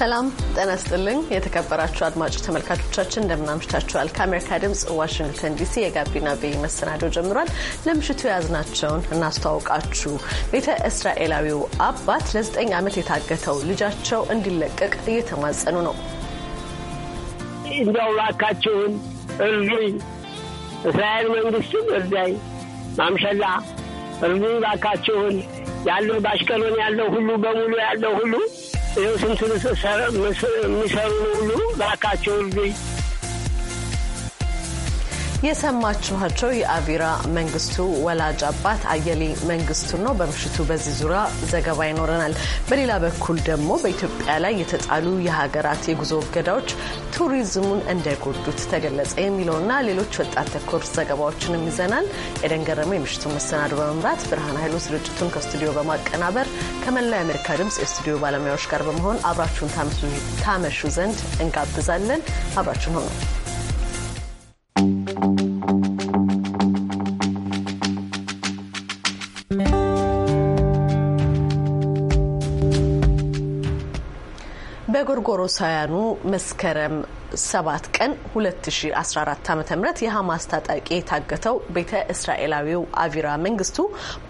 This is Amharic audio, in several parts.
ሰላም ጤና ስጥልኝ። የተከበራችሁ አድማጭ ተመልካቾቻችን እንደምናምሽታችኋል። ከአሜሪካ ድምጽ ዋሽንግተን ዲሲ የጋቢና ቤይ መሰናዶ ጀምሯል። ለምሽቱ የያዝናቸውን እናስተዋውቃችሁ። ቤተ እስራኤላዊው አባት ለዘጠኝ ዓመት የታገተው ልጃቸው እንዲለቀቅ እየተማጸኑ ነው። እንዲያው እባካችሁን እርዱኝ፣ እስራኤል መንግስትም እርዳይ፣ ማምሸላ እርዱኝ እባካችሁን፣ ያለው ባሽቀሎን ያለው ሁሉ በሙሉ ያለው ሁሉ ይኸው ስንቱን የሚሰሩ ሁሉ ላካቸው ልጅ የሰማችኋቸው የአቢራ መንግስቱ ወላጅ አባት አየሌ መንግስቱ ነው። በምሽቱ በዚህ ዙሪያ ዘገባ ይኖረናል። በሌላ በኩል ደግሞ በኢትዮጵያ ላይ የተጣሉ የሀገራት የጉዞ እገዳዎች ቱሪዝሙን እንደጎዱት ተገለጸ የሚለውና ሌሎች ወጣት ተኮር ዘገባዎችንም ይዘናል። ኤደን ገረመ የምሽቱን መሰናዶ በመምራት ብርሃን ኃይሉ ስርጭቱን ከስቱዲዮ በማቀናበር ከመላው የአሜሪካ ድምፅ የስቱዲዮ ባለሙያዎች ጋር በመሆን አብራችሁን ታመሹ ዘንድ እንጋብዛለን። አብራችሁን ሆነው በጎርጎሮሳውያኑ መስከረም ሰባት ቀን 2014 ዓ ም የሐማስ ታጣቂ የታገተው ቤተ እስራኤላዊው አቪራ መንግስቱ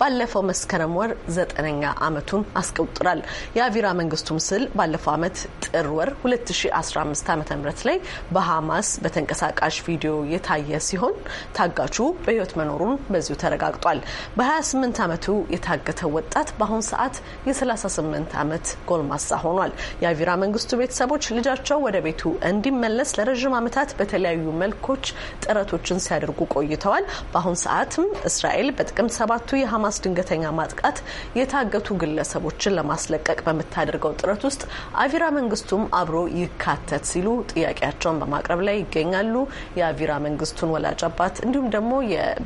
ባለፈው መስከረም ወር ዘጠነኛ ዓመቱን አስቆጥሯል። የአቪራ መንግስቱ ምስል ባለፈው ዓመት ጥር ወር 2015 ዓ ም ላይ በሐማስ በተንቀሳቃሽ ቪዲዮ የታየ ሲሆን ታጋቹ በህይወት መኖሩን በዚሁ ተረጋግጧል። በ28 ዓመቱ የታገተው ወጣት በአሁኑ ሰዓት የ38 ዓመት ጎልማሳ ሆኗል። የአቪራ መንግስቱ ቤተሰቦች ልጃቸው ወደ ቤቱ እንዲመ ለመመለስ ለረዥም ዓመታት በተለያዩ መልኮች ጥረቶችን ሲያደርጉ ቆይተዋል። በአሁን ሰዓትም እስራኤል በጥቅምት ሰባቱ የሐማስ ድንገተኛ ማጥቃት የታገቱ ግለሰቦችን ለማስለቀቅ በምታደርገው ጥረት ውስጥ አቪራ መንግስቱም አብሮ ይካተት ሲሉ ጥያቄያቸውን በማቅረብ ላይ ይገኛሉ። የአቪራ መንግስቱን ወላጅ አባት እንዲሁም ደግሞ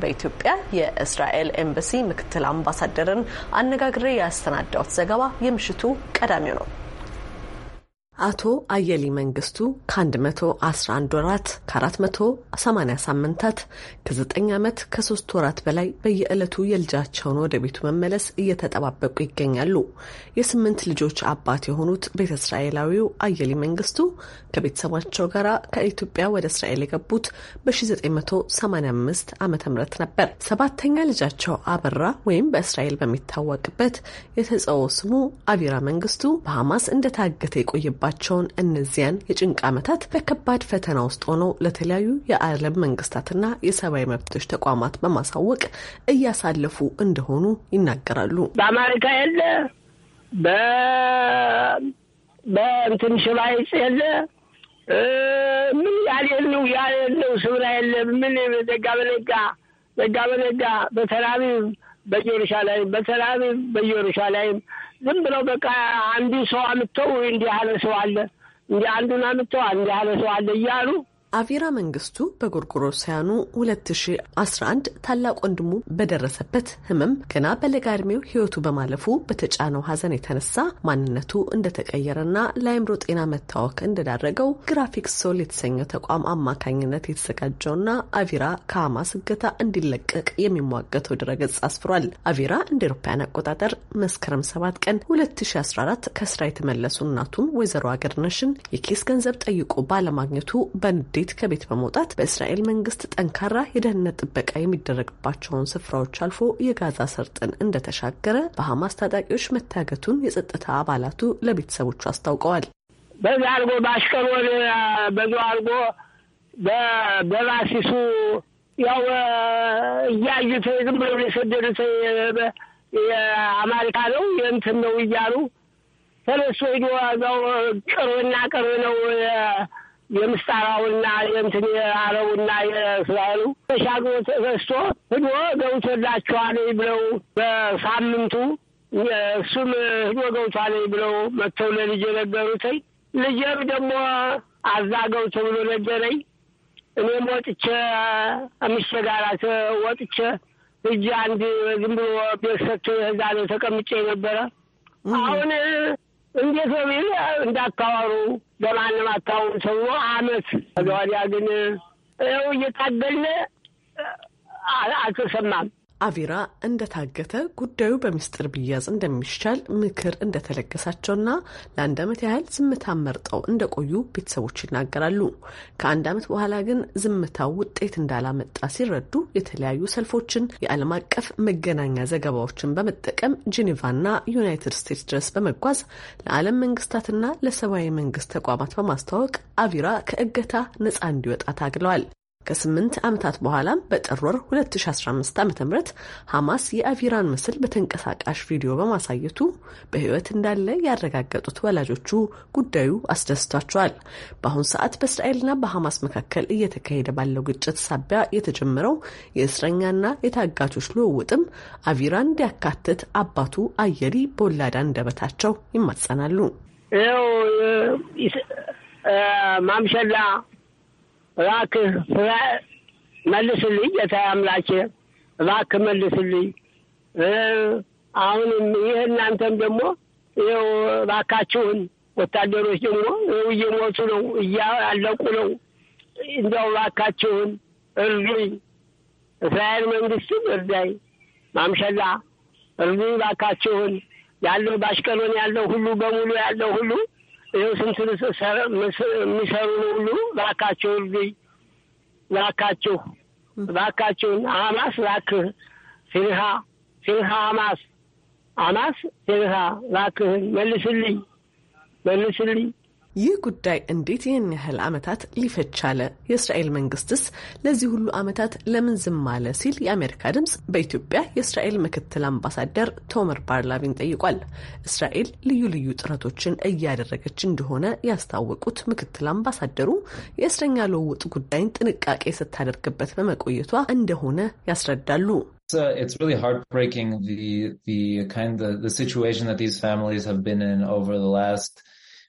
በኢትዮጵያ የእስራኤል ኤምባሲ ምክትል አምባሳደርን አነጋግሬ ያስተናዳሁት ዘገባ የምሽቱ ቀዳሚው ነው። አቶ አየሊ መንግስቱ ከ111 ወራት ከ480 ሳምንታት ከ9 ዓመት ከ3 ወራት በላይ በየዕለቱ የልጃቸውን ወደ ቤቱ መመለስ እየተጠባበቁ ይገኛሉ። የስምንት ልጆች አባት የሆኑት ቤተ እስራኤላዊው አየሊ መንግስቱ ከቤተሰባቸው ጋር ከኢትዮጵያ ወደ እስራኤል የገቡት በ1985 ዓ ም ነበር። ሰባተኛ ልጃቸው አበራ ወይም በእስራኤል በሚታወቅበት የተጸውዖ ስሙ አቪራ መንግስቱ በሐማስ እንደታገተ የቆይባል የደረሰባቸውን እነዚያን የጭንቅ ዓመታት በከባድ ፈተና ውስጥ ሆነው ለተለያዩ የዓለም መንግስታትና የሰብአዊ መብቶች ተቋማት በማሳወቅ እያሳለፉ እንደሆኑ ይናገራሉ። በአማሪካ የለ በእንትን ሽባይጽ የለ ምን ያልየለው ያልየለው ስብራ የለ ምን በነጋ በነጋ ነጋ በነጋ በተራቢብ በኢየሩሻሌም በተራቢብ በኢየሩሻሌም ዝም ብለው በቃ አንዱ ሰው አምጥተው እንዲህ ያለ ሰው አለ እንዲህ አንዱን አምጥተው እንዲህ ያለ ሰው አለ እያሉ አቪራ መንግስቱ ሳያኑ 2011 ታላቅ ወንድሙ በደረሰበት ህመም ገና በለጋ እድሜው ህይወቱ በማለፉ በተጫነው ሀዘን የተነሳ ማንነቱ እንደተቀየረና ለአይምሮ ጤና መታወክ እንደዳረገው ግራፊክ ሶል የተሰኘው ተቋም አማካኝነት የተዘጋጀውና አቪራ ከሐማስ እገታ እንዲለቀቅ የሚሟገተው ድረገጽ አስፍሯል። አቪራ እንደ ኤሮፓያን አቆጣጠር መስከረም 7 ቀን 2014 ከስራ የተመለሱ እናቱን ወይዘሮ አገርነሽን የኬስ ገንዘብ ጠይቆ ባለማግኘቱ በንዴ ሌሊት ከቤት በመውጣት በእስራኤል መንግስት ጠንካራ የደህንነት ጥበቃ የሚደረግባቸውን ስፍራዎች አልፎ የጋዛ ሰርጥን እንደተሻገረ በሐማስ ታጣቂዎች መታገቱን የጸጥታ አባላቱ ለቤተሰቦቹ አስታውቀዋል። በዛ አድርጎ በአሽቀሮን በዛ አድርጎ በባሲሱ ያው እያዩት ዝም ብለው የሰደዱት የአማሪካ ነው የእንትን ነው እያሉ ተነሱ ሄዶ ቅርብና ቅርብ ነው የምስጣራውና የእንትን የአረቡና የእስራኤሉ ተሻግሮ ተበስቶ ህዶ ገብቶላችኋል ብለው በሳምንቱ እሱም ህዶ ገብቷል ብለው መጥተው ለልጅ ነገሩትኝ። ልጄም ደግሞ አዛ ገብቶ ብሎ ነገረኝ። እኔም ወጥቼ አምስቴ ጋራት ወጥቼ እጅ አንድ ዝም ብሎ ቤት ሰጥቶ ህዛ ነው ተቀምጬ ነበረ። አሁን እንዴት ነው ቢል እንዳካባሩ በማንም አካባቢ ሰው አመት ከዚያ ወዲያ ግን ይኸው እየታገልን አልተሰማም። አቪራ እንደታገተ ጉዳዩ በምስጢር ቢያዝ እንደሚሻል ምክር እንደተለገሳቸውና ለአንድ ዓመት ያህል ዝምታ መርጠው እንደቆዩ ቤተሰቦች ይናገራሉ። ከአንድ ዓመት በኋላ ግን ዝምታው ውጤት እንዳላመጣ ሲረዱ የተለያዩ ሰልፎችን፣ የዓለም አቀፍ መገናኛ ዘገባዎችን በመጠቀም ጄኔቫና ዩናይትድ ስቴትስ ድረስ በመጓዝ ለዓለም መንግስታትና ለሰብአዊ መንግስት ተቋማት በማስተዋወቅ አቪራ ከእገታ ነፃ እንዲወጣ ታግለዋል። ከስምንት ዓመታት በኋላም በጥር ወር 2015 ዓ ም ሐማስ የአቪራን ምስል በተንቀሳቃሽ ቪዲዮ በማሳየቱ በሕይወት እንዳለ ያረጋገጡት ወላጆቹ ጉዳዩ አስደስቷቸዋል። በአሁኑ ሰዓት በእስራኤልና በሐማስ መካከል እየተካሄደ ባለው ግጭት ሳቢያ የተጀመረው የእስረኛና የታጋቾች ልውውጥም አቪራን እንዲያካትት አባቱ አየሪ በወላዳ እንደበታቸው ይማጸናሉ። ማምሸላ እባክህ መልስልኝ፣ ጌታ አምላኬ እባክህ መልስልኝ። አሁንም ይህ እናንተም ደግሞ ይኸው እባካችሁን ወታደሮች ደግሞ ይኸው እየሞቱ ነው፣ እያለቁ ነው። እንዲያው እባካችሁን እርዱኝ፣ እስራኤል መንግስትም እርዳይ፣ ማምሸላ እርዱኝ እባካችሁን። ያለው ባሽቀሎን ያለው ሁሉ በሙሉ ያለው ሁሉ ይኸው ስንት የሚሰሩ ነው ሁሉ እባካችሁ እርዱኝ፣ እባካችሁ እባካችሁን አማስ እባክህ ፊርሃ ፊርሃ አማስ አማስ ፊርሃ እባክህን መልስልኝ መልስልኝ ይህ ጉዳይ እንዴት ይህን ያህል ዓመታት ሊፈቻለ! የእስራኤል መንግስትስ ለዚህ ሁሉ ዓመታት ለምን ዝም አለ? ሲል የአሜሪካ ድምፅ በኢትዮጵያ የእስራኤል ምክትል አምባሳደር ቶመር ባርላቪን ጠይቋል። እስራኤል ልዩ ልዩ ጥረቶችን እያደረገች እንደሆነ ያስታወቁት ምክትል አምባሳደሩ የእስረኛ ልውውጥ ጉዳይን ጥንቃቄ ስታደርግበት በመቆየቷ እንደሆነ ያስረዳሉ። It's really heartbreaking the the kind of the situation that these families have been in over the last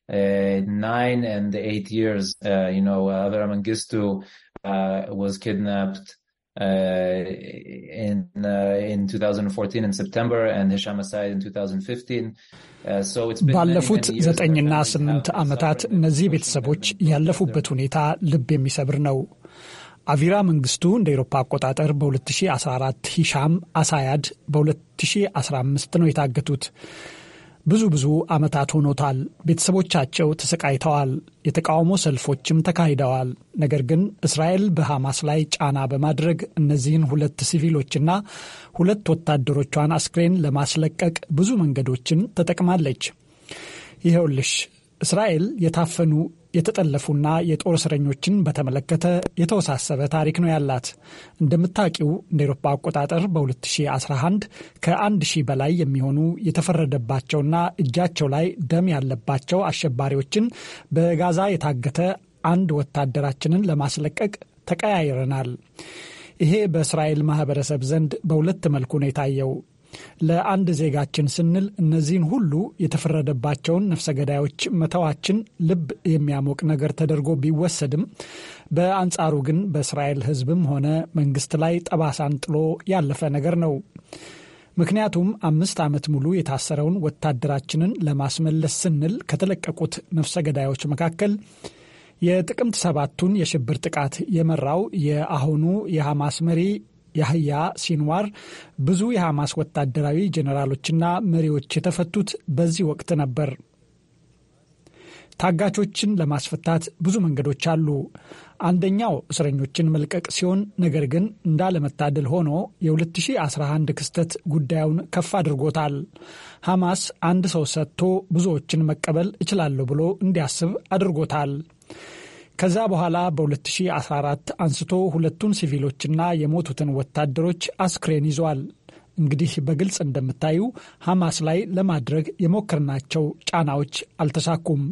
nine and eight years. uh, you know, Avram Mengistu was kidnapped uh in uh, in 2014 in September and Hisham Asad in 2015. ባለፉት ዘጠኝና ስምንት ዓመታት እነዚህ ቤተሰቦች ያለፉበት ሁኔታ ልብ የሚሰብር ነው። አቪራ መንግስቱ እንደ ኤሮፓ አቆጣጠር በ2014 ሂሻም አሳያድ በ2015 ነው የታገቱት። ብዙ ብዙ ዓመታት ሆኖታል። ቤተሰቦቻቸው ተሰቃይተዋል። የተቃውሞ ሰልፎችም ተካሂደዋል። ነገር ግን እስራኤል በሐማስ ላይ ጫና በማድረግ እነዚህን ሁለት ሲቪሎችና ሁለት ወታደሮቿን አስክሬን ለማስለቀቅ ብዙ መንገዶችን ተጠቅማለች። ይኸውልሽ እስራኤል የታፈኑ የተጠለፉና የጦር እስረኞችን በተመለከተ የተወሳሰበ ታሪክ ነው ያላት። እንደምታውቂው እንደ ኤሮፓ አቆጣጠር በ2011 ከ1000 በላይ የሚሆኑ የተፈረደባቸውና እጃቸው ላይ ደም ያለባቸው አሸባሪዎችን በጋዛ የታገተ አንድ ወታደራችንን ለማስለቀቅ ተቀያይረናል። ይሄ በእስራኤል ማህበረሰብ ዘንድ በሁለት መልኩ ነው የታየው። ለአንድ ዜጋችን ስንል እነዚህን ሁሉ የተፈረደባቸውን ነፍሰ ገዳዮች መተዋችን ልብ የሚያሞቅ ነገር ተደርጎ ቢወሰድም በአንጻሩ ግን በእስራኤል ሕዝብም ሆነ መንግስት ላይ ጠባሳን ጥሎ ያለፈ ነገር ነው። ምክንያቱም አምስት ዓመት ሙሉ የታሰረውን ወታደራችንን ለማስመለስ ስንል ከተለቀቁት ነፍሰ ገዳዮች መካከል የጥቅምት ሰባቱን የሽብር ጥቃት የመራው የአሁኑ የሐማስ መሪ ያህያ ሲንዋር ብዙ የሐማስ ወታደራዊ ጄኔራሎችና መሪዎች የተፈቱት በዚህ ወቅት ነበር። ታጋቾችን ለማስፈታት ብዙ መንገዶች አሉ። አንደኛው እስረኞችን መልቀቅ ሲሆን ነገር ግን እንዳለመታደል ሆኖ የ2011 ክስተት ጉዳዩን ከፍ አድርጎታል። ሐማስ አንድ ሰው ሰጥቶ ብዙዎችን መቀበል እችላለሁ ብሎ እንዲያስብ አድርጎታል። ከዛ በኋላ በ2014 አንስቶ ሁለቱን ሲቪሎችና የሞቱትን ወታደሮች አስክሬን ይዟል። እንግዲህ በግልጽ እንደምታዩ ሐማስ ላይ ለማድረግ የሞከርናቸው ጫናዎች አልተሳኩም።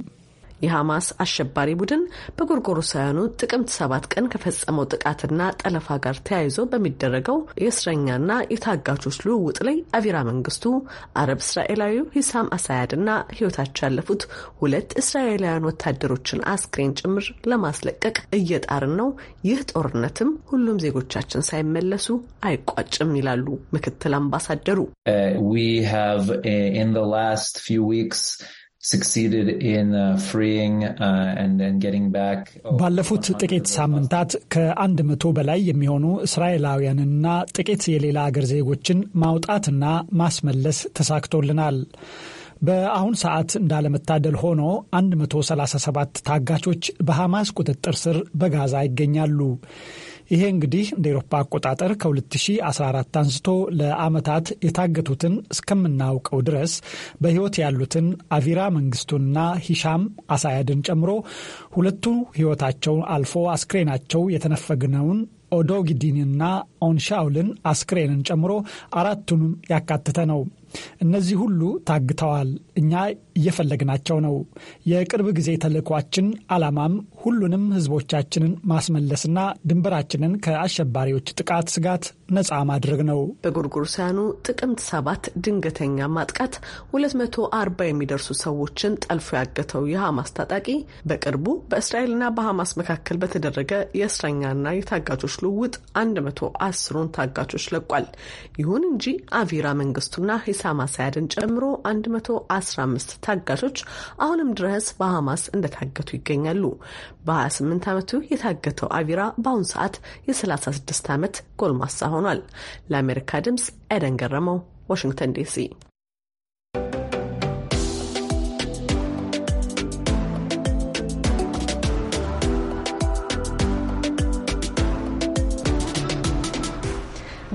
የሐማስ አሸባሪ ቡድን በጎርጎሮሳውያኑ ጥቅምት ሰባት ቀን ከፈጸመው ጥቃትና ጠለፋ ጋር ተያይዞ በሚደረገው የእስረኛና የታጋቾች ልውውጥ ላይ አቪራ መንግስቱ፣ አረብ እስራኤላዊው ሂሳም አሳያድና ህይወታቸው ያለፉት ሁለት እስራኤላውያን ወታደሮችን አስክሬን ጭምር ለማስለቀቅ እየጣርን ነው። ይህ ጦርነትም ሁሉም ዜጎቻችን ሳይመለሱ አይቋጭም ይላሉ ምክትል አምባሳደሩ። uh, Uh, uh, oh, ባለፉት ጥቂት ሳምንታት ከአንድ መቶ በላይ የሚሆኑ እስራኤላውያንና ጥቂት የሌላ አገር ዜጎችን ማውጣትና ማስመለስ ተሳክቶልናል። በአሁን ሰዓት እንዳለመታደል ሆኖ 137 ታጋቾች በሐማስ ቁጥጥር ስር በጋዛ ይገኛሉ። ይሄ እንግዲህ እንደ ኤሮፓ አቆጣጠር ከ2014 አንስቶ ለአመታት የታገቱትን እስከምናውቀው ድረስ በህይወት ያሉትን አቪራ መንግስቱንና ሂሻም አሳያድን ጨምሮ ሁለቱ ህይወታቸው አልፎ አስክሬናቸው የተነፈግነውን ኦዶጊዲንና ኦንሻውልን አስክሬንን ጨምሮ አራቱንም ያካተተ ነው። እነዚህ ሁሉ ታግተዋል። እኛ እየፈለግናቸው ነው። የቅርብ ጊዜ ተልእኳችን ዓላማም ሁሉንም ህዝቦቻችንን ማስመለስና ድንበራችንን ከአሸባሪዎች ጥቃት ስጋት ነፃ ማድረግ ነው። በጎርጎሮሳውያኑ ጥቅምት ሰባት ድንገተኛ ማጥቃት 240 የሚደርሱ ሰዎችን ጠልፎ ያገተው የሐማስ ታጣቂ በቅርቡ በእስራኤልና በሐማስ መካከል በተደረገ የእስረኛና የታጋቾች ልውውጥ 110ን ታጋቾች ለቋል። ይሁን እንጂ አቪራ መንግስቱና ኡሳማ ሳያድን ጨምሮ 115 ታጋቾች አሁንም ድረስ በሐማስ እንደታገቱ ይገኛሉ። በ28 ዓመቱ የታገተው አቪራ በአሁኑ ሰዓት የ36 ዓመት ጎልማሳ ሆኗል። ለአሜሪካ ድምፅ ኤደን ገረመው፣ ዋሽንግተን ዲሲ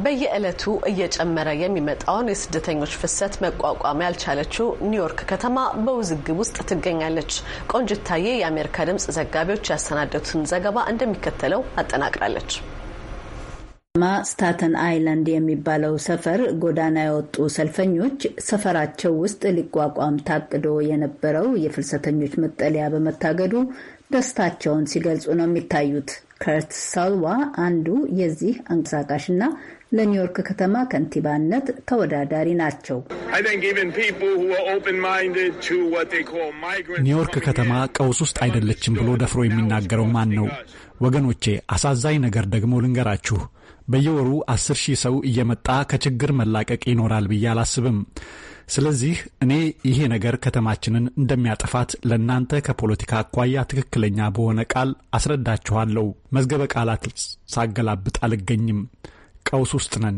በየዕለቱ እየጨመረ የሚመጣውን የስደተኞች ፍሰት መቋቋም ያልቻለችው ኒውዮርክ ከተማ በውዝግብ ውስጥ ትገኛለች። ቆንጅታዬ የአሜሪካ ድምጽ ዘጋቢዎች ያሰናደቱትን ዘገባ እንደሚከተለው አጠናቅራለች። ማ ስታተን አይላንድ የሚባለው ሰፈር ጎዳና የወጡ ሰልፈኞች ሰፈራቸው ውስጥ ሊቋቋም ታቅዶ የነበረው የፍልሰተኞች መጠለያ በመታገዱ ደስታቸውን ሲገልጹ ነው የሚታዩት። ከርት ሳልዋ አንዱ የዚህ አንቀሳቃሽና ለኒውዮርክ ከተማ ከንቲባነት ተወዳዳሪ ናቸው። ኒውዮርክ ከተማ ቀውስ ውስጥ አይደለችም ብሎ ደፍሮ የሚናገረው ማን ነው? ወገኖቼ፣ አሳዛኝ ነገር ደግሞ ልንገራችሁ። በየወሩ አስር ሺህ ሰው እየመጣ ከችግር መላቀቅ ይኖራል ብዬ አላስብም። ስለዚህ እኔ ይሄ ነገር ከተማችንን እንደሚያጠፋት ለእናንተ ከፖለቲካ አኳያ ትክክለኛ በሆነ ቃል አስረዳችኋለሁ። መዝገበ ቃላት ሳገላብጥ አልገኝም። ቀውስ ውስጥ ነን።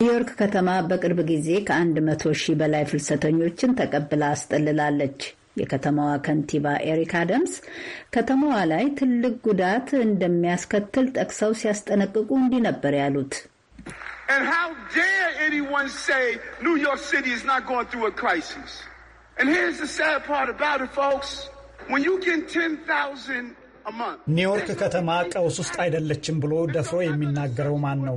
ኒውዮርክ ከተማ በቅርብ ጊዜ ከ100 ሺህ በላይ ፍልሰተኞችን ተቀብላ አስጠልላለች። የከተማዋ ከንቲባ ኤሪክ አደምስ ከተማዋ ላይ ትልቅ ጉዳት እንደሚያስከትል ጠቅሰው ሲያስጠነቅቁ እንዲህ ነበር ያሉት። ኒውዮርክ ከተማ ቀውስ ውስጥ አይደለችም ብሎ ደፍሮ የሚናገረው ማን ነው?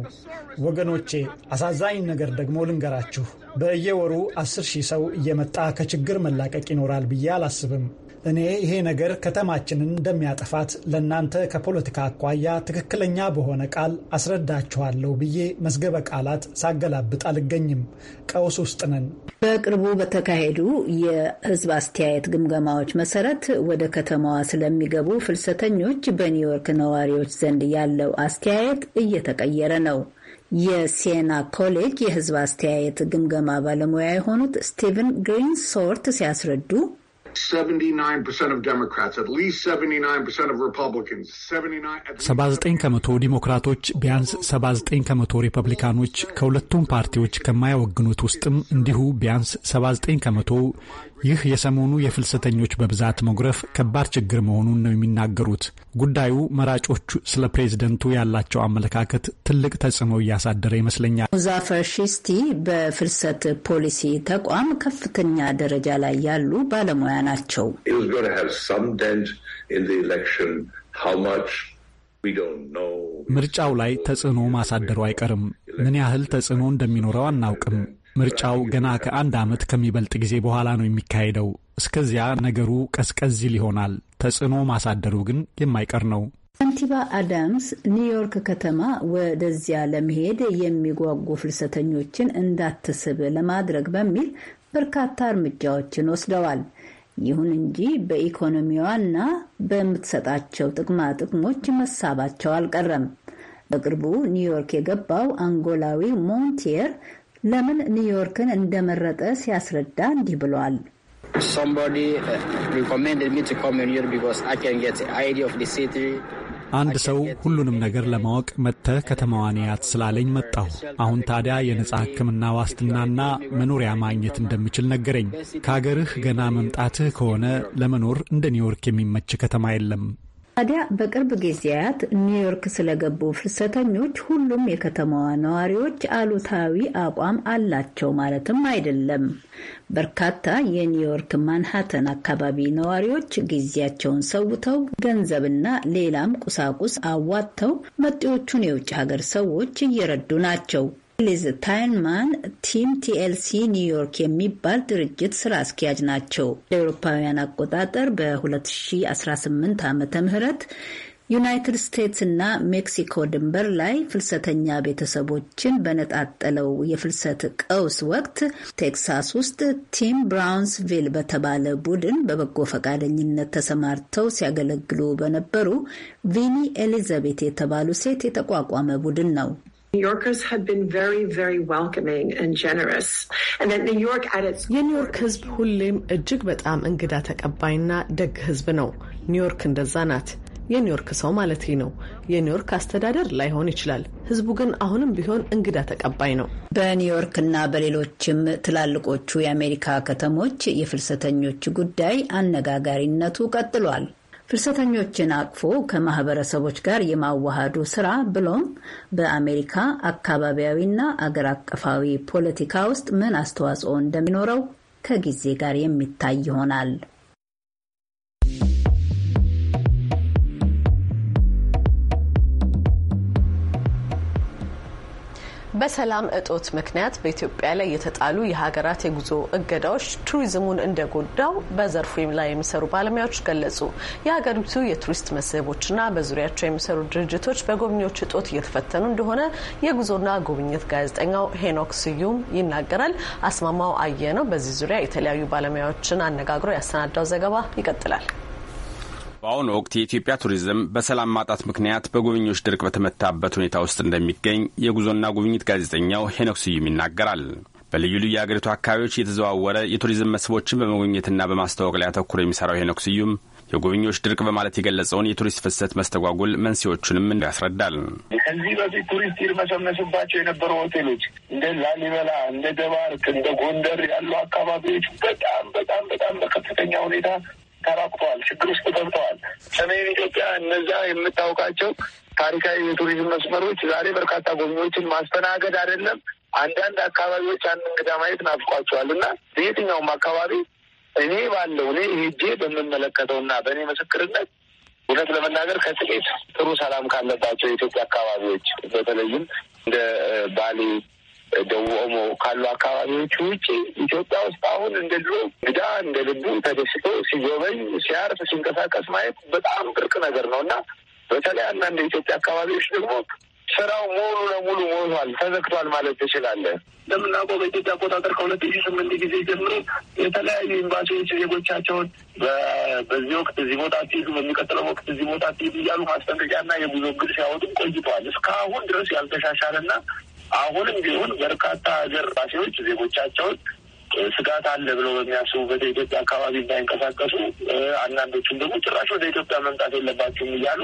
ወገኖቼ፣ አሳዛኝ ነገር ደግሞ ልንገራችሁ። በየወሩ አስር ሺህ ሰው እየመጣ ከችግር መላቀቅ ይኖራል ብዬ አላስብም። እኔ ይሄ ነገር ከተማችንን እንደሚያጠፋት ለእናንተ ከፖለቲካ አኳያ ትክክለኛ በሆነ ቃል አስረዳችኋለሁ ብዬ መዝገበ ቃላት ሳገላብጥ አልገኝም። ቀውስ ውስጥ ነን። በቅርቡ በተካሄዱ የሕዝብ አስተያየት ግምገማዎች መሰረት ወደ ከተማዋ ስለሚገቡ ፍልሰተኞች በኒውዮርክ ነዋሪዎች ዘንድ ያለው አስተያየት እየተቀየረ ነው። የሲየና ኮሌጅ የሕዝብ አስተያየት ግምገማ ባለሙያ የሆኑት ስቲቨን ግሪንሶርት ሲያስረዱ 79 ከመቶ ዲሞክራቶች፣ ቢያንስ 79 ከመቶ ሪፐብሊካኖች፣ ከሁለቱም ፓርቲዎች ከማያወግኑት ውስጥም እንዲሁ ቢያንስ 79 ከመቶ ይህ የሰሞኑ የፍልሰተኞች በብዛት መጉረፍ ከባድ ችግር መሆኑን ነው የሚናገሩት። ጉዳዩ መራጮቹ ስለ ፕሬዝደንቱ ያላቸው አመለካከት ትልቅ ተጽዕኖ እያሳደረ ይመስለኛል። ሙዛፈር ሺስቲ በፍልሰት ፖሊሲ ተቋም ከፍተኛ ደረጃ ላይ ያሉ ባለሙያ ናቸው። ምርጫው ላይ ተጽዕኖ ማሳደሩ አይቀርም። ምን ያህል ተጽዕኖ እንደሚኖረው አናውቅም። ምርጫው ገና ከአንድ ዓመት ከሚበልጥ ጊዜ በኋላ ነው የሚካሄደው። እስከዚያ ነገሩ ቀዝቀዝ ይል ይሆናል። ተጽዕኖ ማሳደሩ ግን የማይቀር ነው። ከንቲባ አዳምስ ኒውዮርክ ከተማ ወደዚያ ለመሄድ የሚጓጉ ፍልሰተኞችን እንዳትስብ ለማድረግ በሚል በርካታ እርምጃዎችን ወስደዋል። ይሁን እንጂ በኢኮኖሚዋና በምትሰጣቸው ጥቅማ ጥቅሞች መሳባቸው አልቀረም። በቅርቡ ኒውዮርክ የገባው አንጎላዊ ሞንቲየር ለምን ኒውዮርክን እንደመረጠ ሲያስረዳ እንዲህ ብሏል። uh, አንድ ሰው ሁሉንም ነገር ለማወቅ መጥተህ ከተማዋን ያት ስላለኝ መጣሁ። አሁን ታዲያ የነጻ ሕክምና ዋስትናና መኖሪያ ማግኘት እንደምችል ነገረኝ። ከአገርህ ገና መምጣትህ ከሆነ ለመኖር እንደ ኒውዮርክ የሚመች ከተማ የለም። ታዲያ በቅርብ ጊዜያት ኒውዮርክ ስለገቡ ፍልሰተኞች ሁሉም የከተማዋ ነዋሪዎች አሉታዊ አቋም አላቸው ማለትም አይደለም። በርካታ የኒውዮርክ ማንሃተን አካባቢ ነዋሪዎች ጊዜያቸውን ሰውተው ገንዘብና ሌላም ቁሳቁስ አዋጥተው መጤዎቹን የውጭ ሀገር ሰዎች እየረዱ ናቸው። ሊዝ ታይንማን ቲም ቲኤልሲ ኒውዮርክ የሚባል ድርጅት ስራ አስኪያጅ ናቸው። ለአውሮፓውያን አቆጣጠር በ2018 ዓመተ ምህረት ዩናይትድ ስቴትስ እና ሜክሲኮ ድንበር ላይ ፍልሰተኛ ቤተሰቦችን በነጣጠለው የፍልሰት ቀውስ ወቅት ቴክሳስ ውስጥ ቲም ብራውንስቪል በተባለ ቡድን በበጎ ፈቃደኝነት ተሰማርተው ሲያገለግሉ በነበሩ ቪኒ ኤሊዛቤት የተባሉ ሴት የተቋቋመ ቡድን ነው። የኒውዮርክ ህዝብ ሁሌም እጅግ በጣም እንግዳ ተቀባይና ደግ ህዝብ ነው። ኒውዮርክ እንደዛ ናት። የኒውዮርክ ሰው ማለት ነው። የኒውዮርክ አስተዳደር ላይሆን ይችላል። ህዝቡ ግን አሁንም ቢሆን እንግዳ ተቀባይ ነው። በኒውዮርክና በሌሎችም ትላልቆቹ የአሜሪካ ከተሞች የፍልሰተኞች ጉዳይ አነጋጋሪነቱ ቀጥሏል። ፍልሰተኞችን አቅፎ ከማህበረሰቦች ጋር የማዋሃዱ ስራ ብሎም በአሜሪካ አካባቢያዊና አገር አቀፋዊ ፖለቲካ ውስጥ ምን አስተዋጽኦ እንደሚኖረው ከጊዜ ጋር የሚታይ ይሆናል። በሰላም እጦት ምክንያት በኢትዮጵያ ላይ የተጣሉ የሀገራት የጉዞ እገዳዎች ቱሪዝሙን እንደጎዳው በዘርፉ ላይ የሚሰሩ ባለሙያዎች ገለጹ። የሀገሪቱ የቱሪስት መስህቦችና በዙሪያቸው የሚሰሩ ድርጅቶች በጎብኚዎች እጦት እየተፈተኑ እንደሆነ የጉዞና ጉብኝት ጋዜጠኛው ሄኖክ ስዩም ይናገራል። አስማማው አየ ነው በዚህ ዙሪያ የተለያዩ ባለሙያዎችን አነጋግሮ ያሰናዳው ዘገባ ይቀጥላል። በአሁኑ ወቅት የኢትዮጵያ ቱሪዝም በሰላም ማጣት ምክንያት በጎብኚዎች ድርቅ በተመታበት ሁኔታ ውስጥ እንደሚገኝ የጉዞና ጉብኝት ጋዜጠኛው ሄኖክ ስዩም ይናገራል። በልዩ ልዩ የአገሪቱ አካባቢዎች እየተዘዋወረ የቱሪዝም መስህቦችን በመጎብኘትና በማስተዋወቅ ላይ ያተኩሮ የሚሰራው ሄኖክ ስዩም የጎብኚዎች ድርቅ በማለት የገለጸውን የቱሪስት ፍሰት መስተጓጉል መንስኤዎቹንም ያስረዳል። ከዚህ በፊት ቱሪስት ይርመሰመስባቸው የነበሩ ሆቴሎች እንደ ላሊበላ፣ እንደ ደባርክ፣ እንደ ጎንደር ያሉ አካባቢዎች በጣም በጣም በጣም በከፍተኛ ሁኔታ ተራቁተዋል፣ ችግር ውስጥ ገብተዋል። ሰሜን ኢትዮጵያ እነዛ የምታውቃቸው ታሪካዊ የቱሪዝም መስመሮች ዛሬ በርካታ ጎብኚዎችን ማስተናገድ አይደለም አንዳንድ አካባቢዎች አንድ እንግዳ ማየት ናፍቋቸዋል እና በየትኛውም አካባቢ እኔ ባለው እኔ ሄጄ በምመለከተውና በእኔ ምስክርነት እውነት ለመናገር ከጥቂት ጥሩ ሰላም ካለባቸው የኢትዮጵያ አካባቢዎች በተለይም እንደ ባሌ ደቡብ ኦሞ ካሉ አካባቢዎች ውጭ ኢትዮጵያ ውስጥ አሁን እንደ ድሮ እንግዳ እንደ ልቡ ተደስቶ ሲጎበኝ፣ ሲያርፍ፣ ሲንቀሳቀስ ማየት በጣም ብርቅ ነገር ነው እና በተለይ አንዳንድ የኢትዮጵያ አካባቢዎች ደግሞ ስራው ሙሉ ለሙሉ ሞቷል፣ ተዘግቷል ማለት ትችላለህ። እንደምናውቀው በኢትዮጵያ አቆጣጠር ከሁለት ሺ ስምንት ጊዜ ጀምሮ የተለያዩ ኤምባሲዎች ዜጎቻቸውን በዚህ ወቅት እዚህ ቦታ ትሄዱ፣ በሚቀጥለው ወቅት እዚህ ቦታ ትሄዱ እያሉ ማስጠንቀቂያና የጉዞ እግድ ሲያወጡም ቆይተዋል። እስካሁን ድረስ ያልተሻሻለና አሁንም ቢሆን በርካታ ሀገር ባሴዎች ዜጎቻቸውን ስጋት አለ ብለው በሚያስቡበት የኢትዮጵያ አካባቢ እንዳይንቀሳቀሱ፣ አንዳንዶቹም ደግሞ ጭራሽ ወደ ኢትዮጵያ መምጣት የለባቸውም እያሉ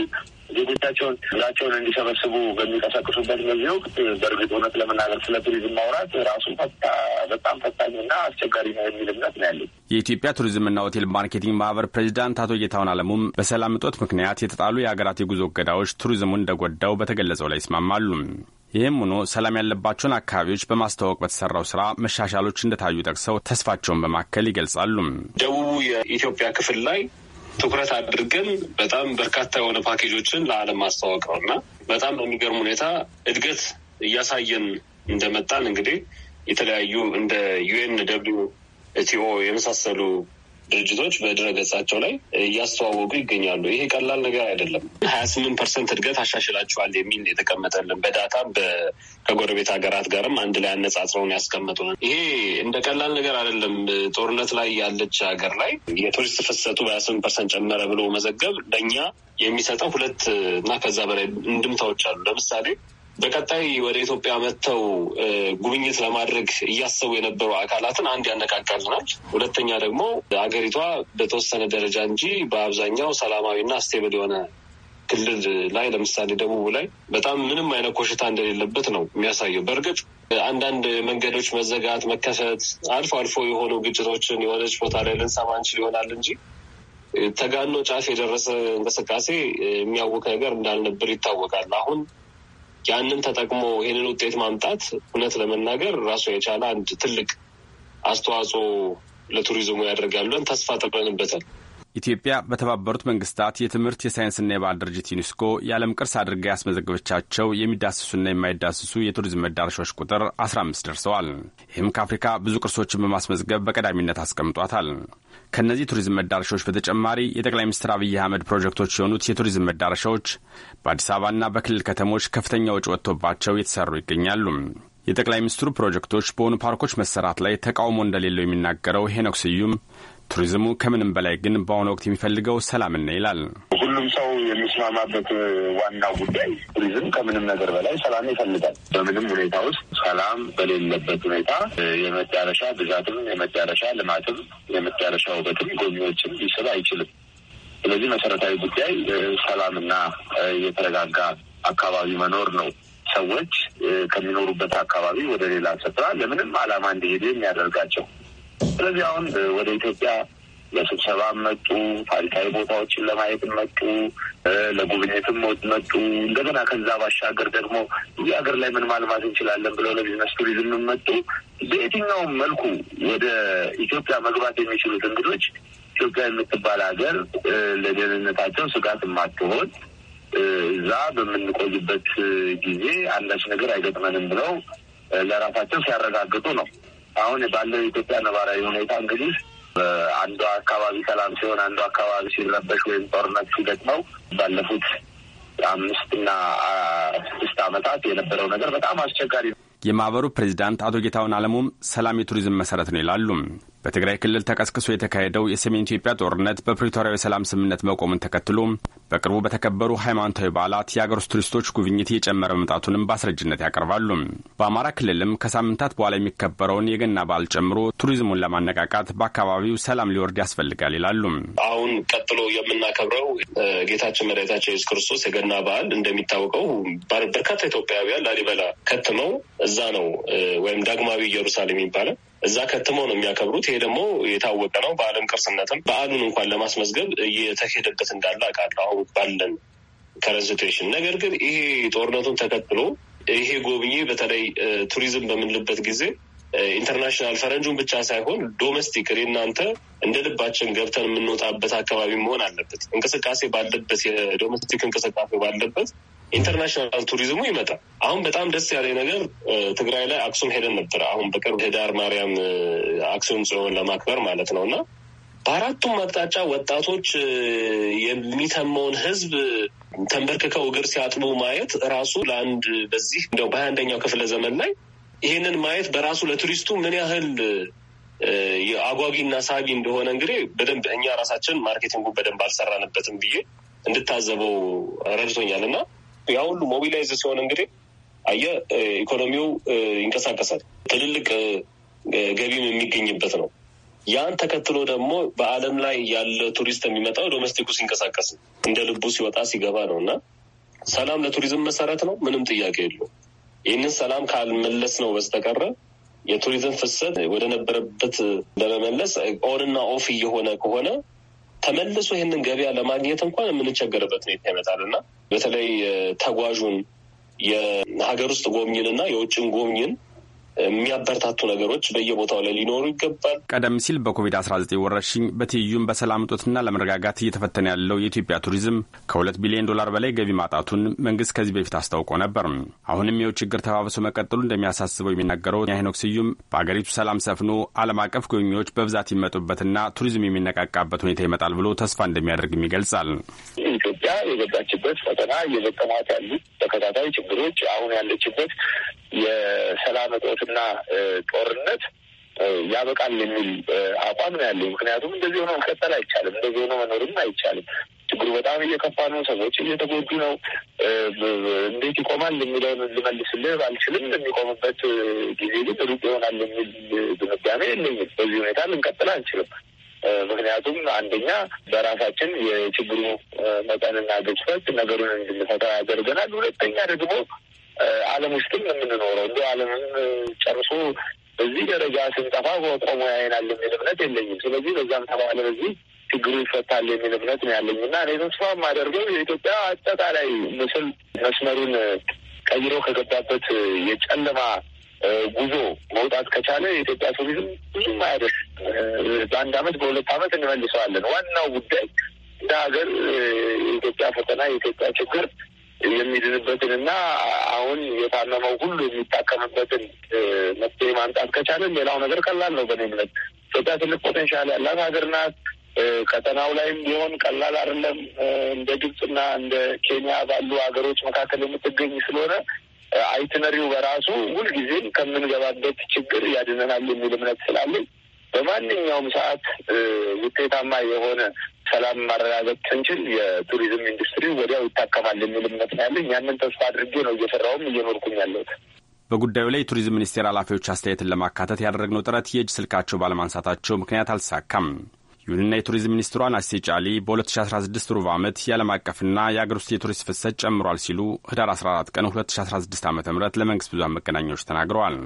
ዜጎቻቸውን ስጋቸውን እንዲሰበስቡ በሚንቀሳቀሱበት በዚህ ወቅት በእርግጥ እውነት ለመናገር ስለ ቱሪዝም ማውራት ራሱ ፈታ በጣም ፈታኝና አስቸጋሪ ነው የሚል እምነት ነው ያለኝ። የኢትዮጵያ ቱሪዝምና ሆቴል ማርኬቲንግ ማህበር ፕሬዚዳንት አቶ ጌታሁን አለሙም በሰላም እጦት ምክንያት የተጣሉ የሀገራት የጉዞ እገዳዎች ቱሪዝሙን እንደጎዳው በተገለጸው ላይ ይስማማሉ። ይህም ሆኖ ሰላም ያለባቸውን አካባቢዎች በማስተዋወቅ በተሰራው ስራ መሻሻሎች እንደታዩ ጠቅሰው ተስፋቸውን በማከል ይገልጻሉ። ደቡቡ የኢትዮጵያ ክፍል ላይ ትኩረት አድርገን በጣም በርካታ የሆነ ፓኬጆችን ለዓለም ማስተዋወቅ ነው እና በጣም በሚገርም ሁኔታ እድገት እያሳየን እንደመጣን እንግዲህ የተለያዩ እንደ ዩኤን ደብሊው ቲኦ የመሳሰሉ ድርጅቶች በድረገጻቸው ላይ እያስተዋወቁ ይገኛሉ። ይሄ ቀላል ነገር አይደለም። ሀያ ስምንት ፐርሰንት እድገት አሻሽላችኋል የሚል የተቀመጠልን በዳታ ከጎረቤት ሀገራት ጋርም አንድ ላይ አነጻጽረውን ያስቀምጡ። ይሄ እንደ ቀላል ነገር አይደለም። ጦርነት ላይ ያለች ሀገር ላይ የቱሪስት ፍሰቱ በሀያ ስምንት ፐርሰንት ጨመረ ብሎ መዘገብ ለእኛ የሚሰጠው ሁለት እና ከዛ በላይ እንድምታዎች አሉ። ለምሳሌ በቀጣይ ወደ ኢትዮጵያ መጥተው ጉብኝት ለማድረግ እያሰቡ የነበሩ አካላትን አንድ ያነቃቃልናል። ሁለተኛ ደግሞ አገሪቷ በተወሰነ ደረጃ እንጂ በአብዛኛው ሰላማዊና ስቴብል የሆነ ክልል ላይ ለምሳሌ ደቡቡ ላይ በጣም ምንም አይነት ኮሽታ እንደሌለበት ነው የሚያሳየው። በእርግጥ አንዳንድ መንገዶች መዘጋት፣ መከፈት አልፎ አልፎ የሆኑ ግጭቶችን የሆነች ቦታ ላይ ልንሰማ እንችል ይሆናል እንጂ ተጋኖ ጫፍ የደረሰ እንቅስቃሴ የሚያውቅ ነገር እንዳልነበር ይታወቃል። አሁን ያንን ተጠቅሞ ይህንን ውጤት ማምጣት እውነት ለመናገር ራሱ የቻለ አንድ ትልቅ አስተዋጽኦ ለቱሪዝሙ ያደርጋሉን ተስፋ ጥለንበታል። ኢትዮጵያ በተባበሩት መንግስታት የትምህርት የሳይንስና የባህል ድርጅት ዩኒስኮ የዓለም ቅርስ አድርጋ ያስመዘገበቻቸው የሚዳስሱና የማይዳስሱ የቱሪዝም መዳረሻዎች ቁጥር 15 ደርሰዋል። ይህም ከአፍሪካ ብዙ ቅርሶችን በማስመዝገብ በቀዳሚነት አስቀምጧታል። ከእነዚህ ቱሪዝም መዳረሻዎች በተጨማሪ የጠቅላይ ሚኒስትር አብይ አህመድ ፕሮጀክቶች የሆኑት የቱሪዝም መዳረሻዎች በአዲስ አበባና በክልል ከተሞች ከፍተኛ ወጪ ወጥቶባቸው የተሰሩ ይገኛሉ። የጠቅላይ ሚኒስትሩ ፕሮጀክቶች በሆኑ ፓርኮች መሰራት ላይ ተቃውሞ እንደሌለው የሚናገረው ሄኖክ ስዩም ቱሪዝሙ ከምንም በላይ ግን በአሁኑ ወቅት የሚፈልገው ሰላምን ነው ይላል። ሁሉም ሰው የሚስማማበት ዋናው ጉዳይ ቱሪዝም ከምንም ነገር በላይ ሰላም ይፈልጋል። በምንም ሁኔታ ውስጥ ሰላም በሌለበት ሁኔታ የመዳረሻ ብዛትም፣ የመዳረሻ ልማትም፣ የመዳረሻ ውበትም ጎብኚዎችም ሊስብ አይችልም። ስለዚህ መሰረታዊ ጉዳይ ሰላምና የተረጋጋ አካባቢ መኖር ነው። ሰዎች ከሚኖሩበት አካባቢ ወደ ሌላ ስፍራ ለምንም ዓላማ እንዲሄዱ የሚያደርጋቸው ስለዚህ አሁን ወደ ኢትዮጵያ ለስብሰባም መጡ፣ ታሪካዊ ቦታዎችን ለማየትም መጡ፣ ለጉብኝትም መጡ። እንደገና ከዛ ባሻገር ደግሞ እዚህ ሀገር ላይ ምን ማልማት እንችላለን ብለው ለቢዝነስ ቱሪዝምም መጡ። በየትኛውም መልኩ ወደ ኢትዮጵያ መግባት የሚችሉት እንግዶች ኢትዮጵያ የምትባል ሀገር ለደህንነታቸው ስጋት የማትሆን እዛ በምንቆይበት ጊዜ አንዳች ነገር አይገጥመንም ብለው ለራሳቸው ሲያረጋግጡ ነው አሁን ባለው የኢትዮጵያ ነባራዊ ሁኔታ እንግዲህ አንዱ አካባቢ ሰላም ሲሆን አንዱ አካባቢ ሲረበሽ ወይም ጦርነት ሲገጥመው ባለፉት አምስትና ስድስት ዓመታት የነበረው ነገር በጣም አስቸጋሪ ነው። የማህበሩ ፕሬዚዳንት አቶ ጌታሁን አለሙም ሰላም የቱሪዝም መሰረት ነው ይላሉ። በትግራይ ክልል ተቀስቅሶ የተካሄደው የሰሜን ኢትዮጵያ ጦርነት በፕሪቶሪያው የሰላም ስምምነት መቆሙን ተከትሎ በቅርቡ በተከበሩ ሃይማኖታዊ በዓላት የአገር ውስጥ ቱሪስቶች ጉብኝት እየጨመረ መምጣቱንም በአስረጅነት ያቀርባሉ። በአማራ ክልልም ከሳምንታት በኋላ የሚከበረውን የገና በዓል ጨምሮ ቱሪዝሙን ለማነቃቃት በአካባቢው ሰላም ሊወርድ ያስፈልጋል ይላሉ። አሁን ቀጥሎ የምናከብረው ጌታችን መድኃኒታችን የሱስ ክርስቶስ የገና በዓል እንደሚታወቀው በርካታ ኢትዮጵያውያን ላሊበላ ከትመው እዛ ነው ወይም ዳግማዊ ኢየሩሳሌም ይባላል እዛ ከትመው ነው የሚያከብሩት። ይሄ ደግሞ የታወቀ ነው። በዓለም ቅርስነትም በዓሉን እንኳን ለማስመዝገብ እየተሄደበት እንዳለ አውቃለሁ አሁን ባለን ሲትዌሽን። ነገር ግን ይሄ ጦርነቱን ተከትሎ ይሄ ጎብኚ በተለይ ቱሪዝም በምንልበት ጊዜ ኢንተርናሽናል ፈረንጁን ብቻ ሳይሆን ዶሜስቲክ እናንተ እንደ ልባችን ገብተን የምንወጣበት አካባቢ መሆን አለበት። እንቅስቃሴ ባለበት የዶሜስቲክ እንቅስቃሴ ባለበት ኢንተርናሽናል ቱሪዝሙ ይመጣል። አሁን በጣም ደስ ያለ ነገር ትግራይ ላይ አክሱም ሄደን ነበር። አሁን በቅርብ ህዳር ማርያም አክሱም ጽዮን ለማክበር ማለት ነው እና በአራቱም አቅጣጫ ወጣቶች የሚተመውን ህዝብ ተንበርክከው እግር ሲያጥቡ ማየት ራሱ ለአንድ በዚህ እንደው በሀያ አንደኛው ክፍለ ዘመን ላይ ይህንን ማየት በራሱ ለቱሪስቱ ምን ያህል አጓጊና ሳቢ እንደሆነ እንግዲህ በደንብ እኛ ራሳችን ማርኬቲንጉ በደንብ አልሰራንበትም ብዬ እንድታዘበው ረድቶኛል እና ያ ሁሉ ሞቢላይዝ ሲሆን እንግዲህ አየ ኢኮኖሚው ይንቀሳቀሳል። ትልልቅ ገቢም የሚገኝበት ነው። ያን ተከትሎ ደግሞ በዓለም ላይ ያለ ቱሪስት የሚመጣው ዶሜስቲኩ ሲንቀሳቀስ እንደ ልቡ ሲወጣ ሲገባ ነው እና ሰላም ለቱሪዝም መሰረት ነው። ምንም ጥያቄ የለው። ይህንን ሰላም ካልመለስ ነው በስተቀረ የቱሪዝም ፍሰት ወደ ነበረበት ለመመለስ ኦንና ኦፍ እየሆነ ከሆነ ተመልሶ ይህንን ገበያ ለማግኘት እንኳን የምንቸገርበት ሁኔታ ይመጣል እና በተለይ ተጓዡን የሀገር ውስጥ ጎብኝንና የውጭን ጎብኝን የሚያበረታቱ ነገሮች በየቦታው ላይ ሊኖሩ ይገባል። ቀደም ሲል በኮቪድ-19 ወረርሽኝ በትይዩም በሰላም እጦትና ለመረጋጋት እየተፈተነ ያለው የኢትዮጵያ ቱሪዝም ከሁለት ቢሊዮን ዶላር በላይ ገቢ ማጣቱን መንግስት ከዚህ በፊት አስታውቆ ነበር። አሁንም ይኸው ችግር ተባብሶ መቀጠሉ እንደሚያሳስበው የሚናገረው ሄኖክ ስዩም በአገሪቱ ሰላም ሰፍኖ ዓለም አቀፍ ጎብኚዎች በብዛት ይመጡበትና ቱሪዝም የሚነቃቃበት ሁኔታ ይመጣል ብሎ ተስፋ እንደሚያደርግም ይገልጻል። ኢትዮጵያ የገባችበት ፈተና እየገጠማት ያሉት ተከታታይ ችግሮች አሁን ያለችበት የሰላም እጦትና ጦርነት ያበቃል የሚል አቋም ነው ያለኝ። ምክንያቱም እንደዚህ ሆኖ መቀጠል አይቻልም፣ እንደዚህ ሆኖ መኖርም አይቻልም። ችግሩ በጣም እየከፋ ነው፣ ሰዎች እየተጎዱ ነው። እንዴት ይቆማል የሚለውን ልመልስልህ ባልችልም የሚቆምበት ጊዜ ግን ሩቅ ይሆናል የሚል ድምዳሜ የለኝም። በዚህ ሁኔታ ልንቀጥል አንችልም። ምክንያቱም አንደኛ በራሳችን የችግሩ መጠንና ግጭፈት ነገሩን እንድንፈታ ያደርገናል። ሁለተኛ ደግሞ ዓለም ውስጥም የምንኖረው እንዲ ዓለምም ጨርሶ በዚህ ደረጃ ስንጠፋ ቆሞ ያይናል የሚል እምነት የለኝም። ስለዚህ በዛም ተባለ በዚህ ችግሩ ይፈታል የሚል እምነት ነው ያለኝ እና እኔ ተስፋ የማደርገው የኢትዮጵያ አጠቃላይ ምስል መስመሩን ቀይሮ ከገባበት የጨለማ ጉዞ መውጣት ከቻለ የኢትዮጵያ ቱሪዝም ብዙም አያደርስ በአንድ አመት በሁለት አመት እንመልሰዋለን። ዋናው ጉዳይ እንደ ሀገር የኢትዮጵያ ፈተና የኢትዮጵያ ችግር የሚድንበትን እና አሁን የታመመው ሁሉ የሚታከምበትን መፍትሄ ማምጣት ከቻለን ሌላው ነገር ቀላል ነው። በእኔ እምነት ኢትዮጵያ ትልቅ ፖቴንሻል ያላት ሀገር ናት። ቀጠናው ላይም ቢሆን ቀላል አይደለም። እንደ ግብፅና እንደ ኬንያ ባሉ ሀገሮች መካከል የምትገኝ ስለሆነ አይትነሪው በራሱ ሁልጊዜም ከምንገባበት ችግር ያድነናል የሚል እምነት ስላለኝ በማንኛውም ሰዓት ውጤታማ የሆነ ሰላም ማረጋገጥ ስንችል የቱሪዝም ኢንዱስትሪ ወዲያው ይታከማል የሚል እምነት ነው ያለኝ። ያንን ተስፋ አድርጌ ነው እየሰራውም እየኖርኩኝ ያለሁት። በጉዳዩ ላይ የቱሪዝም ሚኒስቴር ኃላፊዎች አስተያየትን ለማካተት ያደረግነው ጥረት የእጅ ስልካቸው ባለማንሳታቸው ምክንያት አልተሳካም። ይሁንና የቱሪዝም ሚኒስትሯን አሴ ጫሊ በ2016 ሩብ ዓመት የዓለም አቀፍና የአገር ውስጥ የቱሪስት ፍሰት ጨምሯል ሲሉ ህዳር 14 ቀን 2016 ዓ ም ለመንግሥት ብዙኃን መገናኛዎች ተናግረዋል።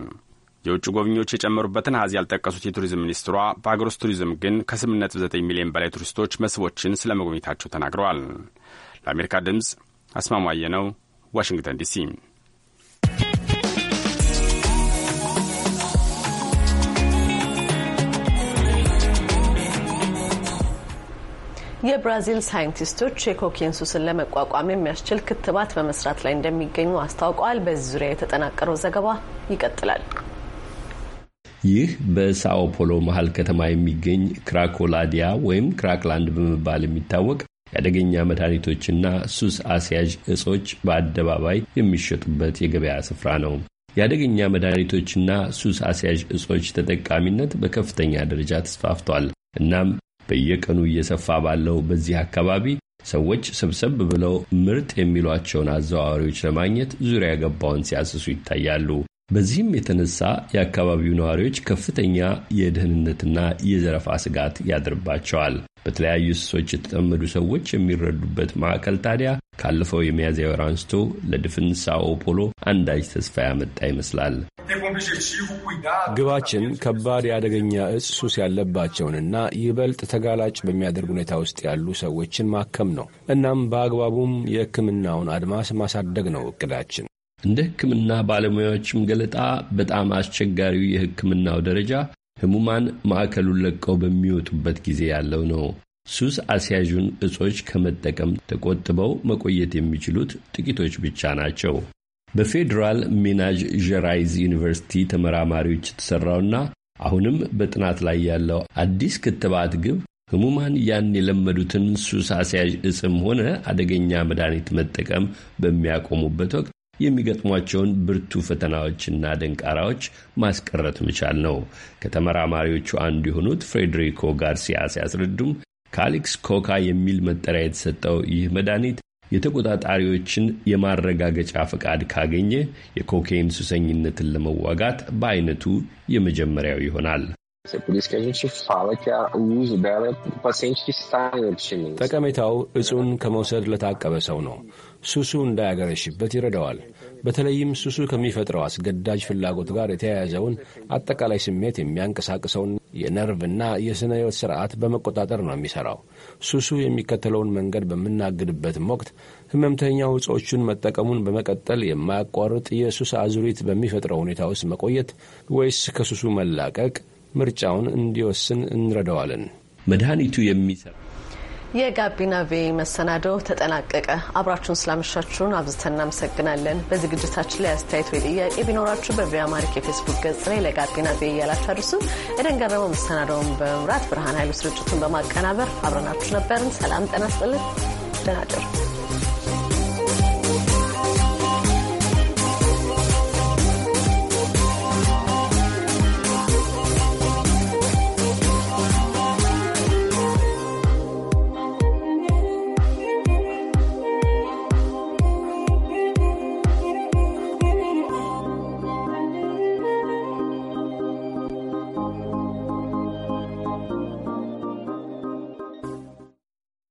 የውጭ ጎብኚዎች የጨመሩበትን አሃዝ ያልጠቀሱት የቱሪዝም ሚኒስትሯ በአገር ውስጥ ቱሪዝም ግን ከ8.9 ሚሊዮን በላይ ቱሪስቶች መስህቦችን ስለ መጎብኘታቸው ተናግረዋል። ለአሜሪካ ድምፅ አስማማየ ነው፣ ዋሽንግተን ዲሲ። የብራዚል ሳይንቲስቶች የኮኬን ሱስን ለመቋቋም የሚያስችል ክትባት በመስራት ላይ እንደሚገኙ አስታውቀዋል። በዚህ ዙሪያ የተጠናቀረው ዘገባ ይቀጥላል። ይህ በሳኦ ፖሎ መሀል ከተማ የሚገኝ ክራኮላዲያ ወይም ክራክላንድ በመባል የሚታወቅ የአደገኛ መድኃኒቶችና ሱስ አስያዥ እጾች በአደባባይ የሚሸጡበት የገበያ ስፍራ ነው። የአደገኛ መድኃኒቶችና ሱስ አስያዥ እጾች ተጠቃሚነት በከፍተኛ ደረጃ ተስፋፍቷል። እናም በየቀኑ እየሰፋ ባለው በዚህ አካባቢ ሰዎች ሰብሰብ ብለው ምርጥ የሚሏቸውን አዘዋዋሪዎች ለማግኘት ዙሪያ ገባውን ሲያስሱ ይታያሉ። በዚህም የተነሳ የአካባቢው ነዋሪዎች ከፍተኛ የደህንነትና የዘረፋ ስጋት ያድርባቸዋል። በተለያዩ ስሶች የተጠመዱ ሰዎች የሚረዱበት ማዕከል ታዲያ ካለፈው የሚያዝያ ወር አንስቶ ለድፍን ሳኦ ፖሎ አንዳች ተስፋ ያመጣ ይመስላል። ግባችን ከባድ የአደገኛ እጽ ሱስ ያለባቸውንና ይበልጥ ተጋላጭ በሚያደርግ ሁኔታ ውስጥ ያሉ ሰዎችን ማከም ነው። እናም በአግባቡም የሕክምናውን አድማስ ማሳደግ ነው እቅዳችን። እንደ ሕክምና ባለሙያዎችም ገለጣ በጣም አስቸጋሪው የሕክምናው ደረጃ ህሙማን ማዕከሉን ለቀው በሚወጡበት ጊዜ ያለው ነው። ሱስ አስያዡን እጾች ከመጠቀም ተቆጥበው መቆየት የሚችሉት ጥቂቶች ብቻ ናቸው። በፌዴራል ሚናጅ ዠራይዝ ዩኒቨርሲቲ ተመራማሪዎች የተሠራውና አሁንም በጥናት ላይ ያለው አዲስ ክትባት ግብ ህሙማን ያን የለመዱትን ሱስ አስያዥ እጽም ሆነ አደገኛ መድኃኒት መጠቀም በሚያቆሙበት ወቅት የሚገጥሟቸውን ብርቱ ፈተናዎችና ደንቃራዎች ማስቀረት መቻል ነው። ከተመራማሪዎቹ አንዱ የሆኑት ፍሬድሪኮ ጋርሲያ ሲያስረዱም ካሊክስ ኮካ የሚል መጠሪያ የተሰጠው ይህ መድኃኒት የተቆጣጣሪዎችን የማረጋገጫ ፈቃድ ካገኘ የኮኬይን ሱሰኝነትን ለመዋጋት በአይነቱ የመጀመሪያው ይሆናል። ጠቀሜታው እጹን ከመውሰድ ለታቀበ ሰው ነው። ሱሱ እንዳያገረሽበት ይረዳዋል። በተለይም ሱሱ ከሚፈጥረው አስገዳጅ ፍላጎት ጋር የተያያዘውን አጠቃላይ ስሜት የሚያንቀሳቅሰውን የነርቭና የሥነ ሕይወት ሥርዓት በመቆጣጠር ነው የሚሠራው። ሱሱ የሚከተለውን መንገድ በምናግድበትም ወቅት ህመምተኛ ዕጾቹን መጠቀሙን በመቀጠል የማያቋርጥ የሱስ አዙሪት በሚፈጥረው ሁኔታ ውስጥ መቆየት ወይስ ከሱሱ መላቀቅ ምርጫውን እንዲወስን እንረዳዋለን። መድኃኒቱ የሚሠራ የጋቢና ቬ መሰናደው ተጠናቀቀ። አብራችሁን ስላመሻችሁን አብዝተን እናመሰግናለን። በዝግጅታችን ላይ አስተያየት ወይ ጥያቄ ቢኖራችሁ በቪያ ማሪክ የፌስቡክ ገጽ ላይ ለጋቢና ቬ እያላችሁ አድርሱን። ኤደን ገረመው መሰናደውን በመምራት ብርሃን ኃይሉ ስርጭቱን በማቀናበር አብረናችሁ ነበርን። ሰላም ጤና ይስጥልን። ደህና እደሩ።